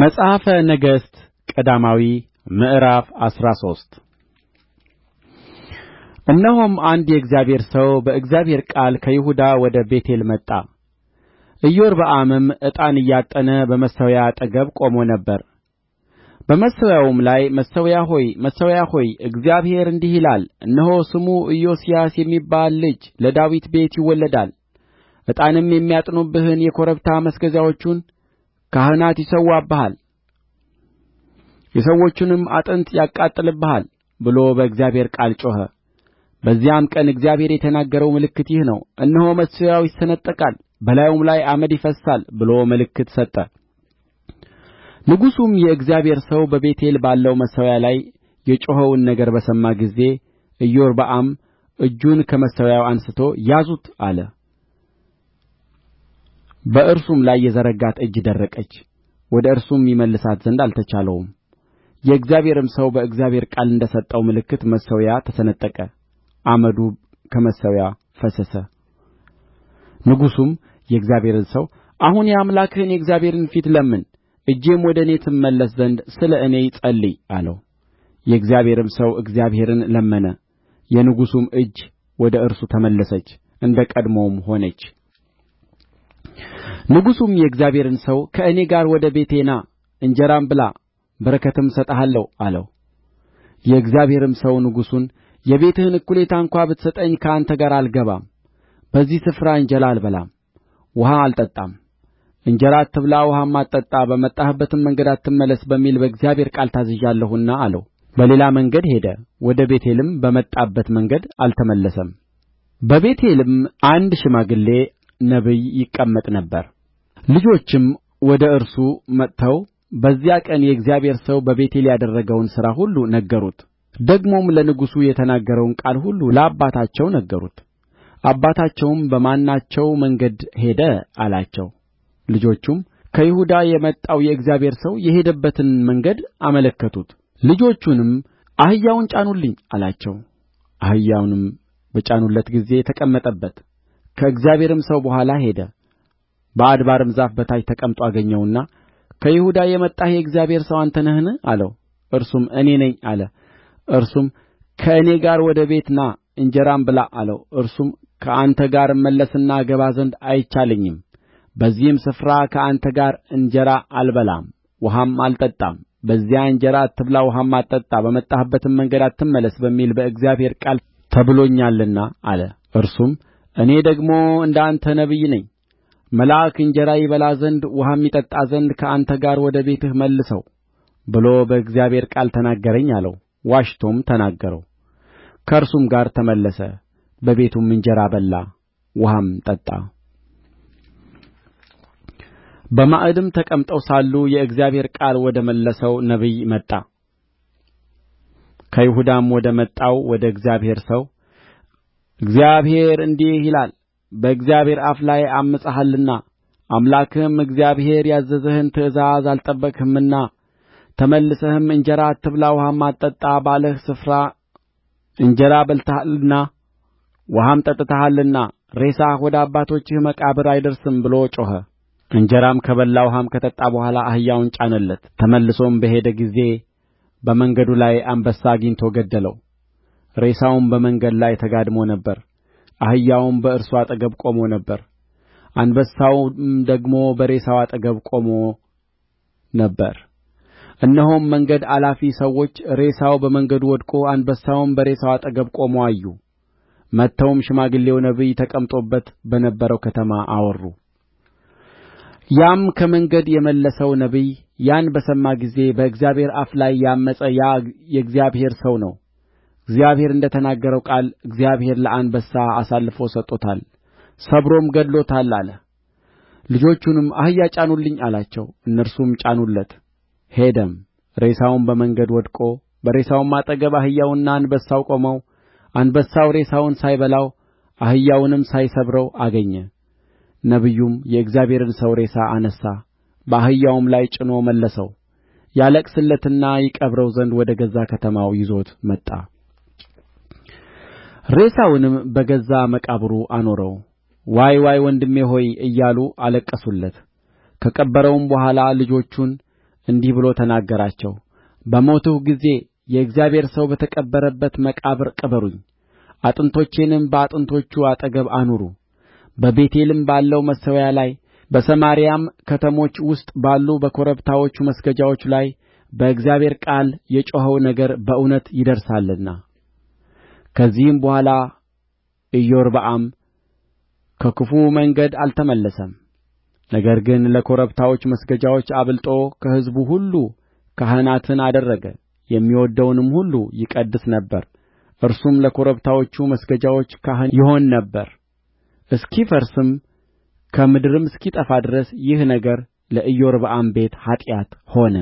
መጽሐፈ ነገሥት ቀዳማዊ ምዕራፍ አስራ ሶስት እነሆም አንድ የእግዚአብሔር ሰው በእግዚአብሔር ቃል ከይሁዳ ወደ ቤቴል መጣ። ኢዮርብዓምም ዕጣን እያጠነ በመሠዊያው አጠገብ ቆሞ ነበር። በመሠዊያውም ላይ መሠዊያ ሆይ መሠዊያ ሆይ እግዚአብሔር እንዲህ ይላል፣ እነሆ ስሙ ኢዮስያስ የሚባል ልጅ ለዳዊት ቤት ይወለዳል። ዕጣንም የሚያጥኑብህን የኮረብታ መስገጃዎቹን ካህናት ይሠዋብሃል የሰዎቹንም አጥንት ያቃጥልብሃል ብሎ በእግዚአብሔር ቃል ጮኸ በዚያም ቀን እግዚአብሔር የተናገረው ምልክት ይህ ነው እነሆ መሠዊያው ይሰነጠቃል በላዩም ላይ አመድ ይፈስሳል ብሎ ምልክት ሰጠ ንጉሡም የእግዚአብሔር ሰው በቤቴል ባለው መሠዊያ ላይ የጮኸውን ነገር በሰማ ጊዜ ኢዮርብዓም እጁን ከመሠዊያው አንሥቶ ያዙት አለ በእርሱም ላይ የዘረጋት እጅ ደረቀች ወደ እርሱም ይመልሳት ዘንድ አልተቻለውም የእግዚአብሔርም ሰው በእግዚአብሔር ቃል እንደ ሰጠው ምልክት መሠዊያው ተሰነጠቀ አመዱ ከመሠዊያው ፈሰሰ ንጉሡም የእግዚአብሔርን ሰው አሁን የአምላክህን የእግዚአብሔርን ፊት ለምን እጄም ወደ እኔ ትመለስ ዘንድ ስለ እኔ ጸልይ አለው የእግዚአብሔርም ሰው እግዚአብሔርን ለመነ የንጉሡም እጅ ወደ እርሱ ተመለሰች እንደ ቀድሞውም ሆነች ንጉሡም የእግዚአብሔርን ሰው ከእኔ ጋር ወደ ቤቴ ና እንጀራም ብላ በረከትም እሰጥሃለሁ አለው የእግዚአብሔርም ሰው ንጉሡን የቤትህን እኵሌታ እንኳ ብትሰጠኝ ከአንተ ጋር አልገባም በዚህ ስፍራ እንጀራ አልበላም ውኃ አልጠጣም እንጀራ አትብላ ውኃም አትጠጣ በመጣህበትም መንገድ አትመለስ በሚል በእግዚአብሔር ቃል ታዝዣለሁና አለው በሌላ መንገድ ሄደ ወደ ቤቴልም በመጣበት መንገድ አልተመለሰም በቤቴልም አንድ ሽማግሌ ነቢይ ይቀመጥ ነበር ልጆቹም ወደ እርሱ መጥተው በዚያ ቀን የእግዚአብሔር ሰው በቤቴል ያደረገውን ሥራ ሁሉ ነገሩት ደግሞም ለንጉሡ የተናገረውን ቃል ሁሉ ለአባታቸው ነገሩት አባታቸውም በማናቸው መንገድ ሄደ አላቸው ልጆቹም ከይሁዳ የመጣው የእግዚአብሔር ሰው የሄደበትን መንገድ አመለከቱት ልጆቹንም አህያውን ጫኑልኝ አላቸው አህያውንም በጫኑለት ጊዜ ተቀመጠበት ከእግዚአብሔርም ሰው በኋላ ሄደ በአድባርም ዛፍ በታች ተቀምጦ አገኘውና ከይሁዳ የመጣህ የእግዚአብሔር ሰው አንተ ነህን አለው እርሱም እኔ ነኝ አለ እርሱም ከእኔ ጋር ወደ ቤት ና እንጀራም ብላ አለው እርሱም ከአንተ ጋር እመለስና እገባ ዘንድ አይቻለኝም በዚህም ስፍራ ከአንተ ጋር እንጀራ አልበላም ውሃም አልጠጣም በዚያ እንጀራ አትብላ ውሃም አትጠጣ በመጣህበትም መንገድ አትመለስ በሚል በእግዚአብሔር ቃል ተብሎኛልና አለ እርሱም እኔ ደግሞ እንደ አንተ ነቢይ ነኝ መልአክ እንጀራ ይበላ ዘንድ ውኃም ይጠጣ ዘንድ ከአንተ ጋር ወደ ቤትህ መልሰው ብሎ በእግዚአብሔር ቃል ተናገረኝ አለው ዋሽቶም ተናገረው ከእርሱም ጋር ተመለሰ በቤቱም እንጀራ በላ ውኃም ጠጣ በማዕድም ተቀምጠው ሳሉ የእግዚአብሔር ቃል ወደ መለሰው ነቢይ መጣ ከይሁዳም ወደ መጣው ወደ እግዚአብሔር ሰው እግዚአብሔር እንዲህ ይላል በእግዚአብሔር አፍ ላይ ዐምፀሃልና አምላክህም እግዚአብሔር ያዘዘህን ትእዛዝ አልጠበቅህምና ተመልሰህም እንጀራ አትብላ ውኃም አትጠጣ ባለህ ስፍራ እንጀራ በልተሃልና ውኃም ጠጥተሃልና ሬሳህ ወደ አባቶችህ መቃብር አይደርስም ብሎ ጮኸ። እንጀራም ከበላ ውኃም ከጠጣ በኋላ አህያውን ጫነለት። ተመልሶም በሄደ ጊዜ በመንገዱ ላይ አንበሳ አግኝቶ ገደለው። ሬሳውም በመንገድ ላይ ተጋድሞ ነበር። አህያውም በእርሱ አጠገብ ቆሞ ነበር አንበሳውም ደግሞ በሬሳው አጠገብ ቆሞ ነበር እነሆም መንገድ አላፊ ሰዎች ሬሳው በመንገዱ ወድቆ አንበሳውም በሬሳው አጠገብ ቆሞ አዩ መጥተውም ሽማግሌው ነቢይ ተቀምጦበት በነበረው ከተማ አወሩ ያም ከመንገድ የመለሰው ነቢይ ያን በሰማ ጊዜ በእግዚአብሔር አፍ ላይ ያመፀ ያ የእግዚአብሔር ሰው ነው እግዚአብሔር እንደ ተናገረው ቃል እግዚአብሔር ለአንበሳ አሳልፎ ሰጥቶታል ሰብሮም ገድሎታል አለ ልጆቹንም አህያ ጫኑልኝ አላቸው እነርሱም ጫኑለት ሄደም ሬሳውም በመንገድ ወድቆ በሬሳውም አጠገብ አህያውና አንበሳው ቆመው አንበሳው ሬሳውን ሳይበላው አህያውንም ሳይሰብረው አገኘ። ነቢዩም የእግዚአብሔርን ሰው ሬሳ አነሣ፣ በአህያውም ላይ ጭኖ መለሰው። ያለቅስለትና ይቀብረው ዘንድ ወደ ገዛ ከተማው ይዞት መጣ። ሬሳውንም በገዛ መቃብሩ አኖረው ዋይ ዋይ ወንድሜ ሆይ እያሉ አለቀሱለት ከቀበረውም በኋላ ልጆቹን እንዲህ ብሎ ተናገራቸው በሞትሁ ጊዜ የእግዚአብሔር ሰው በተቀበረበት መቃብር ቅበሩኝ አጥንቶቼንም በአጥንቶቹ አጠገብ አኑሩ በቤቴልም ባለው መሠዊያ ላይ በሰማርያም ከተሞች ውስጥ ባሉ በኮረብታዎቹ መስገጃዎች ላይ በእግዚአብሔር ቃል የጮኸው ነገር በእውነት ይደርሳልና ከዚህም በኋላ ኢዮርብዓም ከክፉ መንገድ አልተመለሰም ነገር ግን ለኮረብታዎች መስገጃዎች አብልጦ ከሕዝቡ ሁሉ ካህናትን አደረገ የሚወድደውንም ሁሉ ይቀድስ ነበር እርሱም ለኮረብታዎቹ መስገጃዎች ካህን ይሆን ነበር እስኪፈርስም ከምድርም እስኪጠፋ ድረስ ይህ ነገር ለኢዮርብዓም ቤት ኃጢአት ሆነ